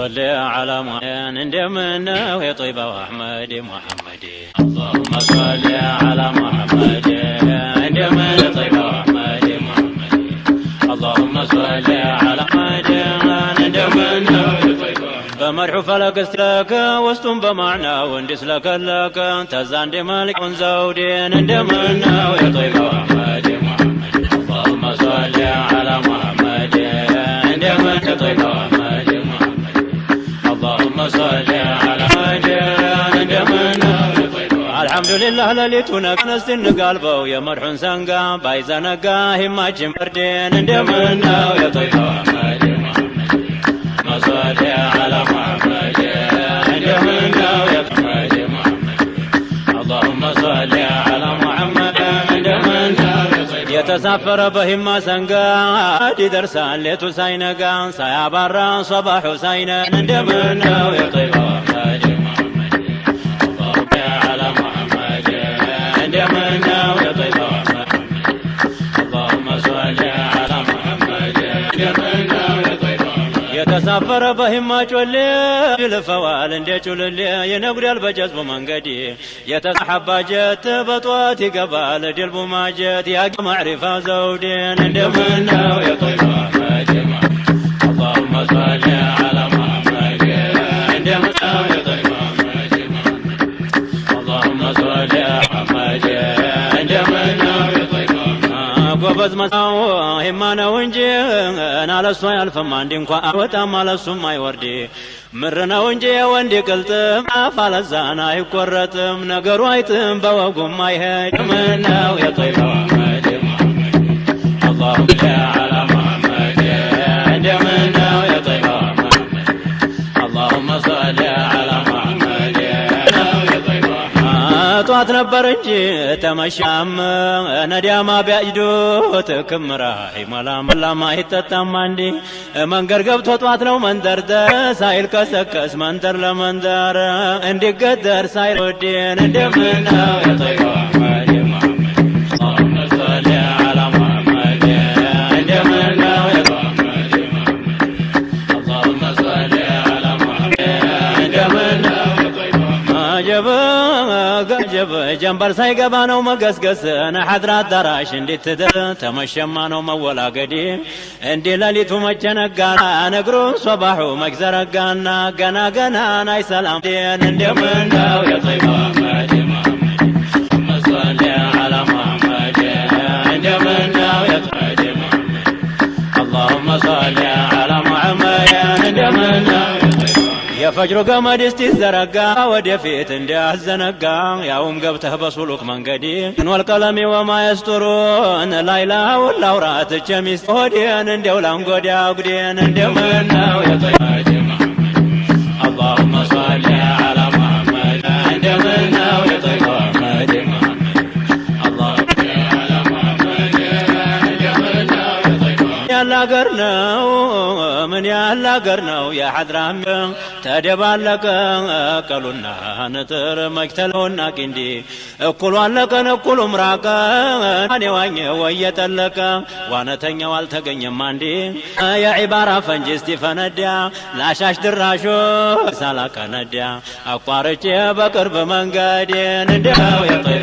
صلي على محمد اندمنا ويطيب احمد محمد اللهم صل على محمد اندمنا طيب احمد محمد اللهم صل على محمد اندمنا بمرح فلك استلاك واستم بمعنى وندس لك لك تزان مالك زودين اندمنا طيب احمد محمد اللهم صل على محمد اندمنا طيب ልላህ ለሊቱ ነቃን እስቲ እንጋልበው የመርሑን ሰንጋ ባይዘነጋ ሂማችን ፍርድን እንደምነው የጦይቶ አመድ መሶሊያ አላ ሙሐመድ እንደምነው የጦመድ ሙሐመድ አላሁመ ሶሊያ አላ ሙሐመድ እንደምነው የተሳፈረ በሂማ ሰንጋ ይደርሳል ሌቱ ሳይነጋ ሳያባራ ሶባሑ ሳይነን እንደምነው የጦይቶ አመድ የተሳፈረ በህማ ጮሌ ይልፈዋል እንደ ጩልሌ ይነጉዳል በጀዝቡ መንገድ የተሳሐባጀት በጧት ይገባል ድልቡ ማጀት ያገ ማዕሪፋ ዘውዴን እንደምነው የጦይባ መጅማ اللهم صل على محمد እንደምነው የጦይባ መጅማ اللهم صل على محمد እንደምነው የጦይባ ጎበዝ መሳዎ ዛሬማ ነው እንጂ አለሷ አያልፍም አንድ እንኳ አይወጣም አለሱም አይወርድ ምር ነው እንጂ የወንድ ቅልጥም አፍ አለዛን አይቆረጥም ነገሩ አይጥም በወጉም አይሄድ ምነው የጠይበዋ መድ አላሁ ነበር እንጂ ተመሻም ነዲያማ ቢያጅዱት ክምራ ይሞላም ላማ ይጠጣም አንዲ መንገድ ገብቶ ጧት ነው መንደርደር ሳይል ከሰከስ መንደር ለመንደር እንዲገደር ሳይል ወዴን እንደምነው የጠይዋ ጀንበር ሳይገባ ነው መገስገስ ነሐድራ አዳራሽ እንዴት ተመሸማ ነው መወላገዴ እንዴ ለሊቱ መቸነጋና ነግሮ ሶባሑ መግዘረጋና ገና ገና ናይ ሰላም እንደምን ነው የጠይባ فجر قام دست الزرقا ودفيت اندي احزن يا ام قبته بسلوك من قديم من والقلم وما يسترون ليلى والاورات الشمس ودين اندي ولام قد يعقدين اندي منا ويطيع اللهم صل على محمد عند منا ويطيب محمد اللهم صل على محمد عند منا ويطيب محمد يلا قرنا ያለ አገር ነው የሐድራም ተደባለቀ ቀሉና ንጥር መጅተለውና ቂንዲ እኩሉ አለቀን እኩሉ ምራቀ ራቀ ዋኝ ወየጠለቀ ዋነተኛው አልተገኘም አንዲ የዒባራ ፈንጂ እስቲ ፈነዲያ ላሻሽ ድራሾ ሳላቀነዲያ አቋርጬ በቅርብ መንገዴን እንደው የጠ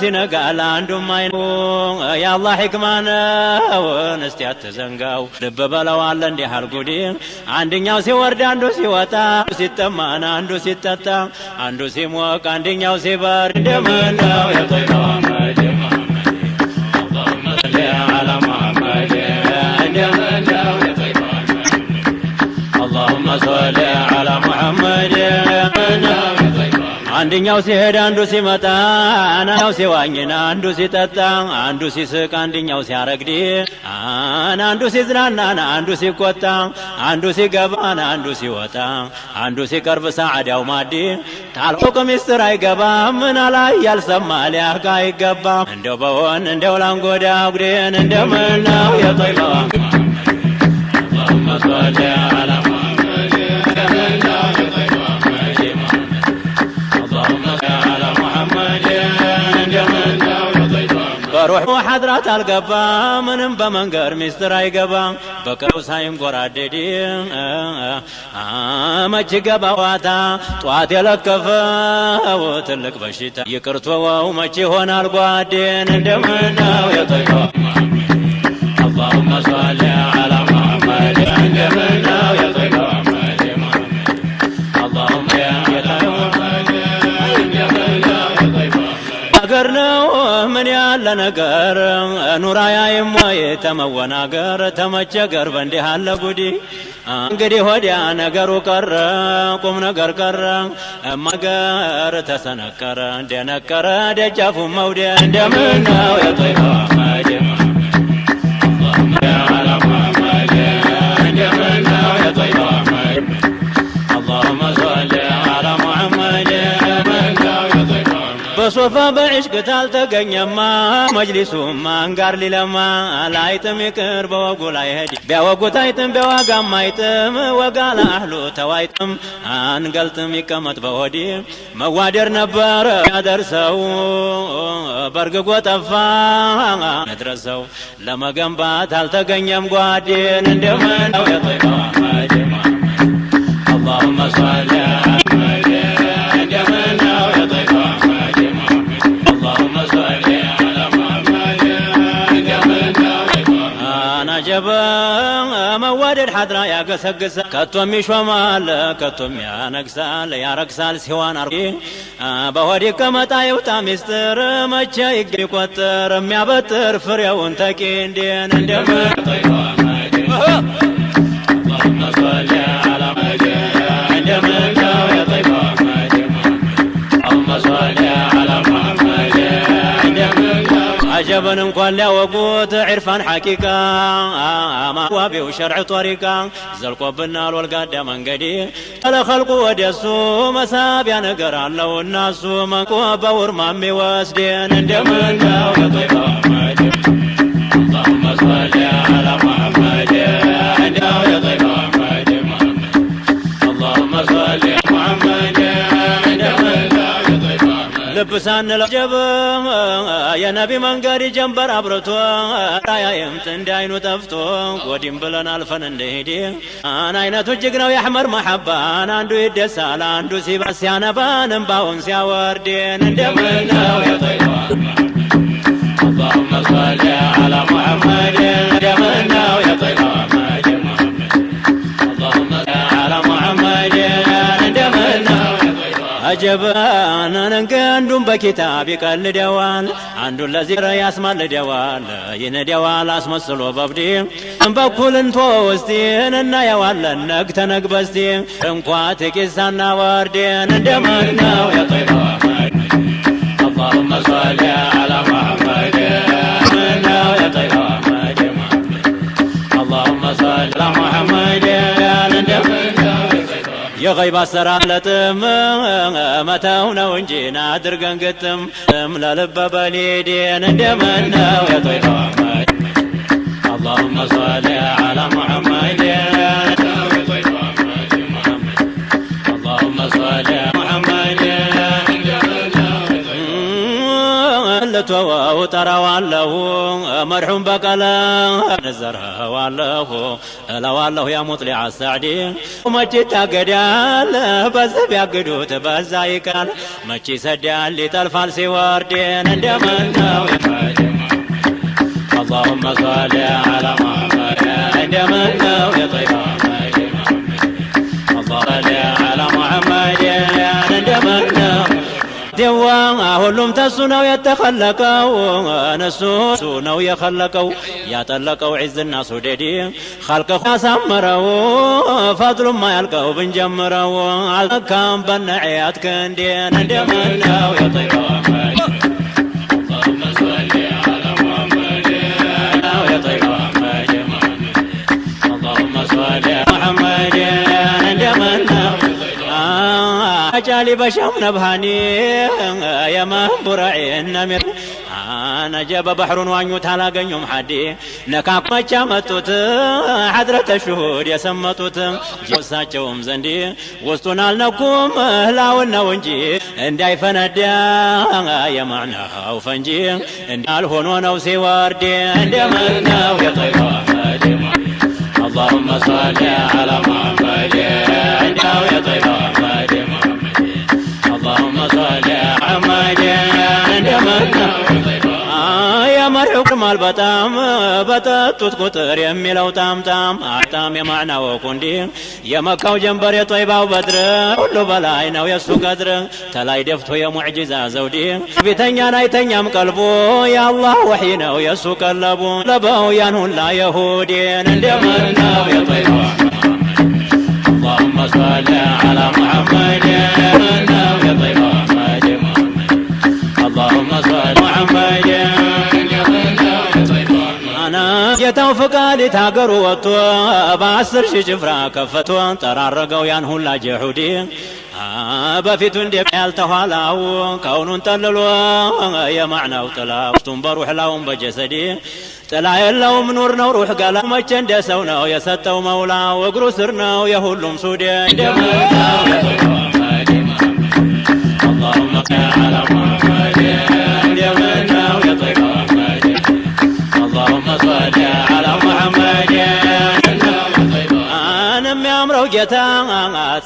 ሲነጋ ለአንዱም አይኑ የአላ ሕክማ ነውን እስቲ አትዘንጋው ልብ በለው አለ እንዲህ አልጉዲ አንድኛው ሲወርድ አንዱ ሲወጣ ሲጠማን አንዱ ሲጠጣ አንዱ ሲሞቅ አንድኛው ሲበር ደመናው የጠይቀዋ መጀመር አንደኛው ሲሄድ አንዱ ሲመጣ አናው ሲዋኝና አንዱ ሲጠጣ አንዱ ሲስቅ አንደኛው ሲያረግድ አንዱ ሲዝናናና አንዱ ሲቆጣ አንዱ ሲገባና አንዱ ሲወጣ አንዱ ሲቀርብ ሰዓዳው ማዲ ታልሆቅ ሚስጥር አይገባም ምናላይ ያልሰማ ሊያቃ አይገባም እንደው በሆን እንደው ላንጎዳ ጉዴን እንደምናው የጠይበዋ اللهم صل على ሐድራት አልገባ ምንም በመንገድ ሚስጥር አይገባም በቀውሳይም ጎራደዴ መች ገባ ዋታ ጧት የለከፈው ትልቅ በሽታ ይቅርቶዋው መች ይሆናል ጓዴን እንደምነው የተኛ ያለ ነገር ኑራያ የሟየ ተመወናገር ተመቸገር በእንዲህ አለ ጉዲ እንግዲህ ወዲያ ነገሩ ቀረ ቁም ነገር ቀረ ማገር ተሰነቀረ እንደነቀረ ደጃፉ መውዲያ እንደምናው የጦይባ መጀመር ሶፋ በዕሽቅ ታልተገኘማ መጅሊሱም አንጋር ሊለማ ላይጥም ይቅር በወጉ ላይ ሄድ ቢያወጉት አይጥም ቢያዋጋም አይጥም ወጋ ለአህሉ ተዋይጥም አንገልጥም ይቀመጥ በሆዲ መዋደር ነበረ ያደርሰው በርግጎ ጠፋ ነድረሰው ለመገንባት አልተገኘም ጓዴን እንደምን ነው የጠይቀዋ አላሁመ ሷል አድራ ያገሰግሳል ከቶም ይሾማል ከቶም ያነግሳል ያረግሳል ሲዋን አር በሆድ ይቀመጣ ይውጣ ሚስጥር መቼ ይቆጠር የሚያበጥር ፍሬውን ተቂ እንዴን እንደምን ولا وقوت عرفان حقيقة ما وابي وشرع طريقة زلقوا بالنار والقادة من قدير الخلق ودسو مسابيا نقر الله الناس من قوة بور مامي واسدين اندمنا وطيبة عمادي اللهم صل ልብሳን ለጀብ የነቢ መንገድ ጀንበር አብርቶ ራያይም ጥንድ አይኑ ጠፍቶ ጎዲም ብለን አልፈን እንደሄድ አን አይነቱ እጅግ ነው የአሕመር መሐባን አንዱ ይደሳል አንዱ ሲበስ ሲያነባን እምባውን ሲያወርድን እንደምነው የጠይዋ اللهم صل على محمد የባን አንገንዱን በኪታብ ይቀልደዋል፣ አንዱን ለዚክር ያስማልደዋል፣ ይነደዋል አስመስሎ በብዴ በኩልንቶ ውስጤን እናየዋለን ነግተን ነግበስቴ እንኳ ጥቂት ወርዴን እንደማን ነው የጠይባ አላሁመ ሷሊ የኸይባ አሰራር ለጥም መተው ነው እንጂ ናድርገን ግጥም ለልበ በሊዴን እንደምን ነው የጦይባ አላሁመ ሶሊ አላ ሙሐመድን ተወው ጠራዋለሁ መርሑም በቀለ ነዘርዋለሁ እለዋለሁ ያ አሳዕዲ መቼ ታገዳል በዚህ ቢያግዱት በዛ ይቃል መቼ ይሰዳል ይጠልፋል ሲወርድን እንደምን ነው اللهم صل على محمد عندما لو يطيب ديوا هولم تسونا ويتخلقوا نسونا ويخلقوا يا تلقوا عز الناس وديدي خلق خاص امروا فضل ما يلقوا بنجمروا كان بنعيات كندي ندمنا ويطيروا ሊ በሻም ነብሃኒ منبر عين نمر ነጀበ ባህሩን ዋኙት አላገኙም ሀዲ ነካኮቻ መጡት ሓድረተ ሽሁድ የሰመጡት ጀውሳቸውም ዘንዲ ውስጡን አልነኩም እህላውን ነው እንጂ እንዳይፈነዳ የማዕናው ፈንጂ እንዳልሆኖ ነው ሲወርድ እንደምን ነው የጠይባ አላሁመ ሰሊ አላ ሙሐመድ እንዳው የጠይባ ይገርማል በጣም በጠጡት ቁጥር የሚለው ጣምጣም አጣም የማዕናው ቁንዲ የመካው ጀንበር የጦይባው በድር ሁሉ በላይ ነው የእሱ ቀድር ተላይ ደፍቶ የሙዕጂዛ ዘውዲ ቤተኛን አይተኛም ቀልቡ የአላህ ወሒ ነው የእሱ ቀለቡ ለበውያን ሁላ የሁዴን እንደምን የጦይባ اللهم صل على محمد በፍቃድ ሀገሩ ወጥቶ በአስር ሺህ ጭፍራ ከፈቶ ጠራረገው ያን ሁላ ጀሁዲ በፊቱ እንደ ቃል ከውኑን ጠልሎ የማዕናው ጥላ ውስጡን በሩህ ላውን በጀሰዲ ጥላ የለውም ኑር ነው ሩህ ገላ መቼ እንደ ሰው ነው የሰጠው መውላ እግሩ ስር ነው የሁሉም ሱዴ اللهم صل على محمد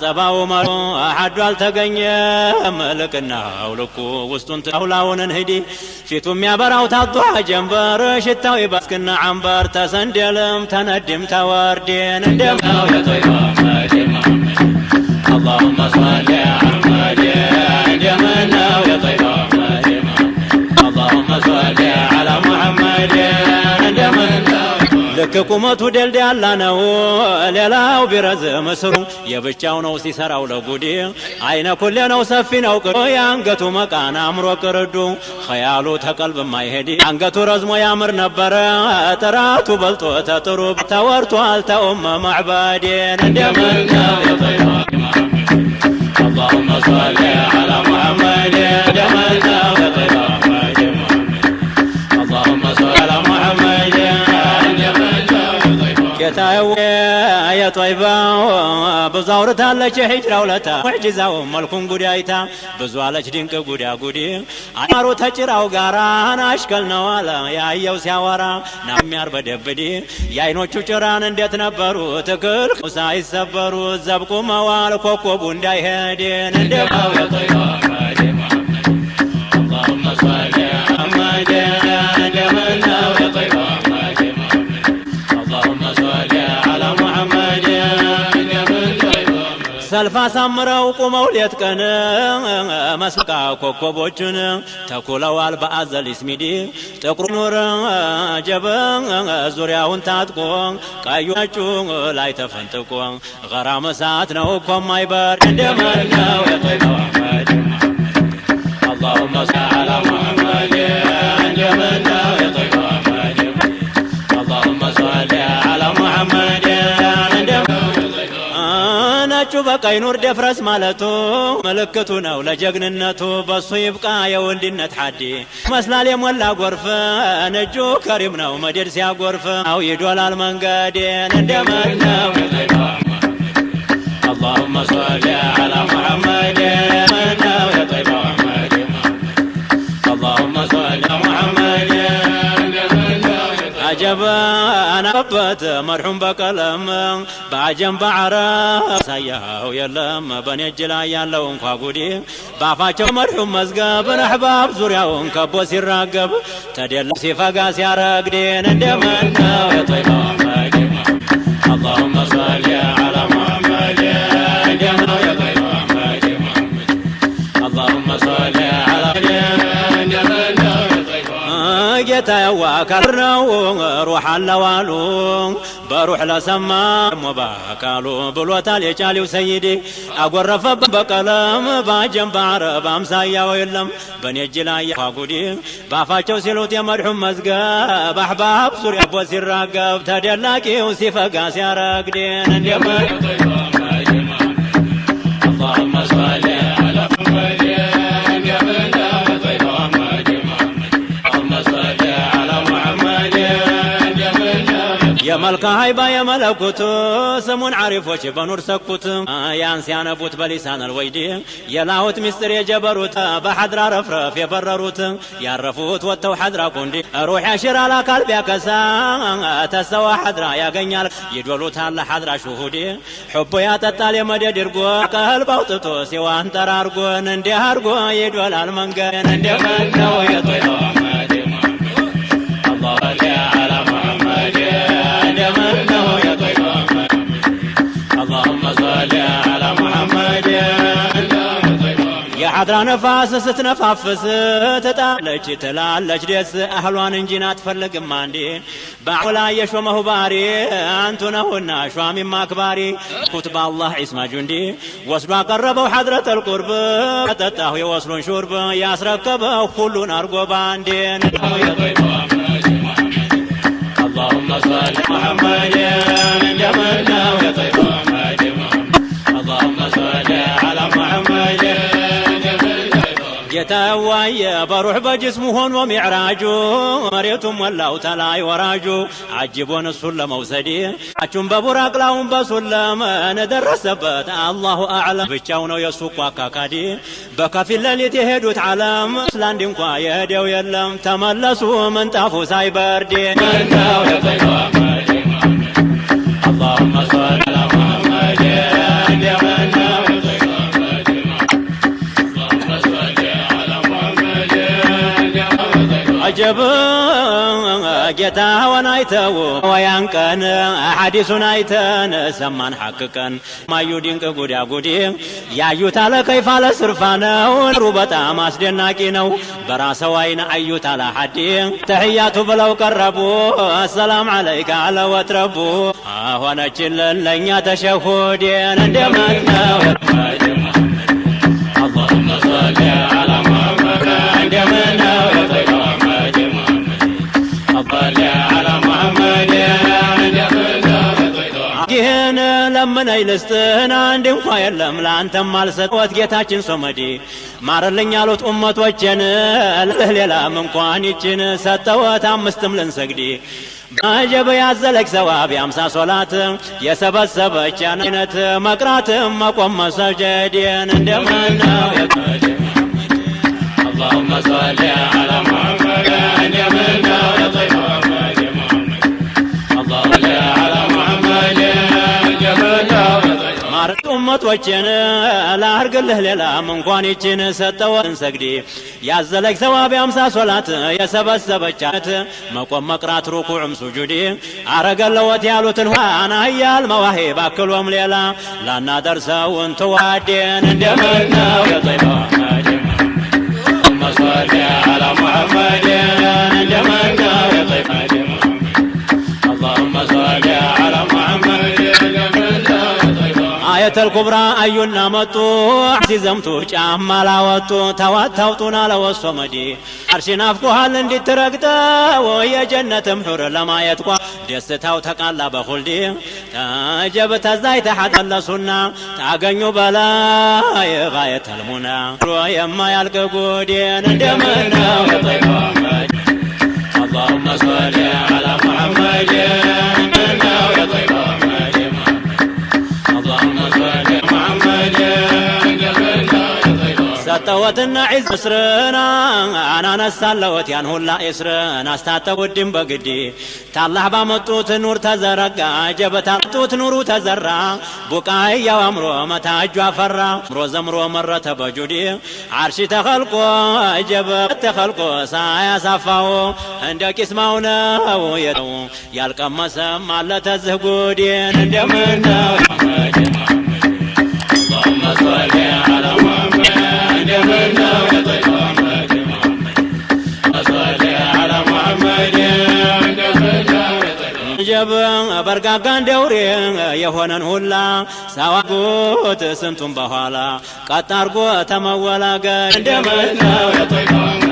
ጸባው መሮ አሐዱ አልተገኘ መልክና አውልኩ ውስጡን አሁላውንን ሂዲ ፊቱ የሚያበራው ታጧ ጀንበር ሽታው ይባስክና عنبر تسندلم تندم توردين ندم اللهم صل على محمد ندمنا ويا طيب ልክ ቁመቱ ደልዳላ ነው ሌላው ቢረዝም ስሩ የብቻው ነው ሲሰራው ለጉዴ አይነ ኩሌ ነው ሰፊ ነው ቅዶ የአንገቱ መቃን አምሮ ቅርዱ ኸያሉ ተቀልብ ማይሄድ አንገቱ ረዝሞ ያምር ነበረ ጥራቱ በልጦ ተጥሩ ተወርቶ አልተውም ማዕባዴን እንደምን ነው اللهم صل على محمد جمالنا የጦይባ ብዙ አውርታለች የሂጅራ ውለታ ሙዕጂዛው መልኩን ጉዳይታ ብዙ አለች ድንቅ ጉዳ ጉዲ አማሩ ተጭራው ጋራ ናሽከል ነው አለ ያየው ሲያወራ ናሚያር በደብዲ የአይኖቹ ጭራን እንዴት ነበሩ ትክል ሳይሰበሩ ዘብቁ መዋል ኮኮቡ እንዳይሄድን እንደባው የጦይባ ሰልፍ አሳምረው ቁመው ሌት ቀን መስመቃ ኮከቦችን ተኩለዋል በአዘል ስሚዲ ጥቁሩ ኑር ጀበ ዙሪያውን ታጥቆ ቀዩ ነጩ ላይ ተፈንጥቆ ገራም እሳት ነው እኮ ማይበር እንደምን ነው የጠይቀው አላሁመ አይኑር ደፍረስ ማለቱ ምልክቱ ነው ለጀግንነቱ በሱ ይብቃ የወንድነት ሐዲ መስላል የሞላ ጎርፍን እጁ ከሪም ነው መደድ ሲያጎርፍ አው ይዶላል መንገዴን እንደመነው اللهم صل على محمد منه يا طيب محمد اللهم صل على محمد عجبا ያረበት መርሑም በቀለም በአጀም በዓረብ ሳያው የለም በእኔ እጅ ላይ ያለው እንኳ ጉዲ በአፋቸው መርሑም መዝገብን አሕባብ ዙሪያውን ከቦ ሲራገብ ተደላ ሲፈጋ ሲያረግዴን እንደምን የጦይባ ከብረው ሩሕ አለዋሉ በሩሕ ለሰማ ደሞ በአካሉ ብሎታል የቻሌው ሰይዴ አጎረፈበት በቀለም በአጀም በአረብ አምሳያው የለም በእኔ እጅ ላይ ጉዲ ባፋቸው ሲሉት የመድሑ መዝገብ አሕባብ ዙሪያ ቦ ሲራገብ ተደላቂው ሲፈጋ ሲያረግዴን እንደምን መልከ ሀይባ የመለኩት ስሙን አሪፎች በኑር ሰኩት ያን ሲያነቡት በሊሳን አልወይድ የላሁት ሚስጥር የጀበሩት በሐድራ ረፍረፍ የበረሩት ያረፉት ወጥተው ሐድራ ቁንዲ ሩሕ ያሽራ ላካል ቢያከሳ ተሰዋ ሐድራ ያገኛል ይዶሉታል ሐድራ ሽሁዲ ሑቡ ያጠጣል የመደድ እርጎ ቀልብ አውጥቶ ሲዋን ጠራርጎን እንዲህ አርጎ ይዶላል መንገድ እንደምን ነው የጦይቶ ነፋስ ስትነፋፍስ ትጣለች ትላለች ደስ አህሏን እንጂ አትፈልግም አንዴን በአውላ የሾመሁ ባሪ አንቱ ነሁና ሿሚም አክባሪ ኩት በአላህ ዒስማ ጁንዲ ወስዶ አቀረበው ሐድረት አልቁርብ ጠጣሁ የወስሉን ሹርብ ያስረከበው ሁሉን አርጎ ባንዴን اللهم صل محمد يا من جملنا ويا طيب ويا بروح بجسمهن ومعراجو مريتم ولا وتلاي وراجو عجبون السلة موسدي عجم ببراق لهم بسلم أنا درسبت الله أعلم بشاونا يسوق وكاكادي في اللي تهدو تعلم سلان دي مقايا ديو يلم تملسوا من تافو سايبردي مرتاو يا طيبا ወጀብ ጌታውን አይተው ወያን ቀን ሐዲሱን አይተን ሰማን ሐቅቀን ማዩ ድንቅ ጉዳ ጉዲ ያዩት አለ ከይፍ አለ ነው ሩ በጣም አስደናቂ ነው። በራሰው አይን አዩት አለ ሐዲ ተህያቱ ብለው ቀረቡ አሰላም አለይከ አለ ወትረቡ ሆነችልን ለእኛ ተሸሁዴን እንደምን አይልስትን አንድ እንኳ የለም ለአንተም አልሰጥወት ጌታችን ማረልኝ አሉት እንኳን ይችን ሰጠወት አምስትም ያዘለች ሰዋብ የአምሳ ሶላት የሰበሰበች አይነት መቅራትም መቆም መሰጀዴን እንደምናው የቀደ አላሁመ ሶሊ አላ ሞቶችን ላርግልህ ሌላም እንኳን ይችን ሰጠው ሰግዲ ያዘለች ሰዋቢ አምሳ ሶላት የሰበሰበቻት መቆም መቅራት ሩኩዕም ሱጁድ አረገለወት ያሉትን ዋና እያል መዋሄ ባክሎም ሌላ ላናደርሰውን ትዋዴን እንደምነው የጠይባ ኩብራ አዩና መጡ ሲዘምቱ ጫማ ላወጡ ተዋት ታውጡና ለወሶ መዲ አርሽ ናፍቆሃል እንዲትረግጠው የጀነትም ሑር ለማየት ቋ ደስታው ተቃላ በሁልዲ ተጀብ ተዛይ ተሓተለሱና ታገኙ በላይ ጋየት ህልሙና የማያልቅ ጉዴን እንደምነው የጠይቋመድ اللهم صل ሕይወትና ዒዝ እስርና አናነሳለወት ያን ሁላ እስርን አስታጠውድም በግዲ ታላህ ባመጡት ኑር ተዘረጋ ጀበታ ጡት ኑሩ ተዘራ ቡቃያው አምሮ መታ እጁ አፈራ ምሮ ዘምሮ መረ በጁዲ ዓርሺ ተኸልቆ ጀበት ተኸልቆ ሳያሳፋው እንደ ቂስማው ነው የለው ያልቀመሰም አለ ተዝህ ጉዴን እንደምን በርጋጋ እንደ የሆነን ሁላ ሰዋጉት ስንቱን በኋላ ቀጣርጎ ተመወላገ እንደምነው ያጠይቀዋል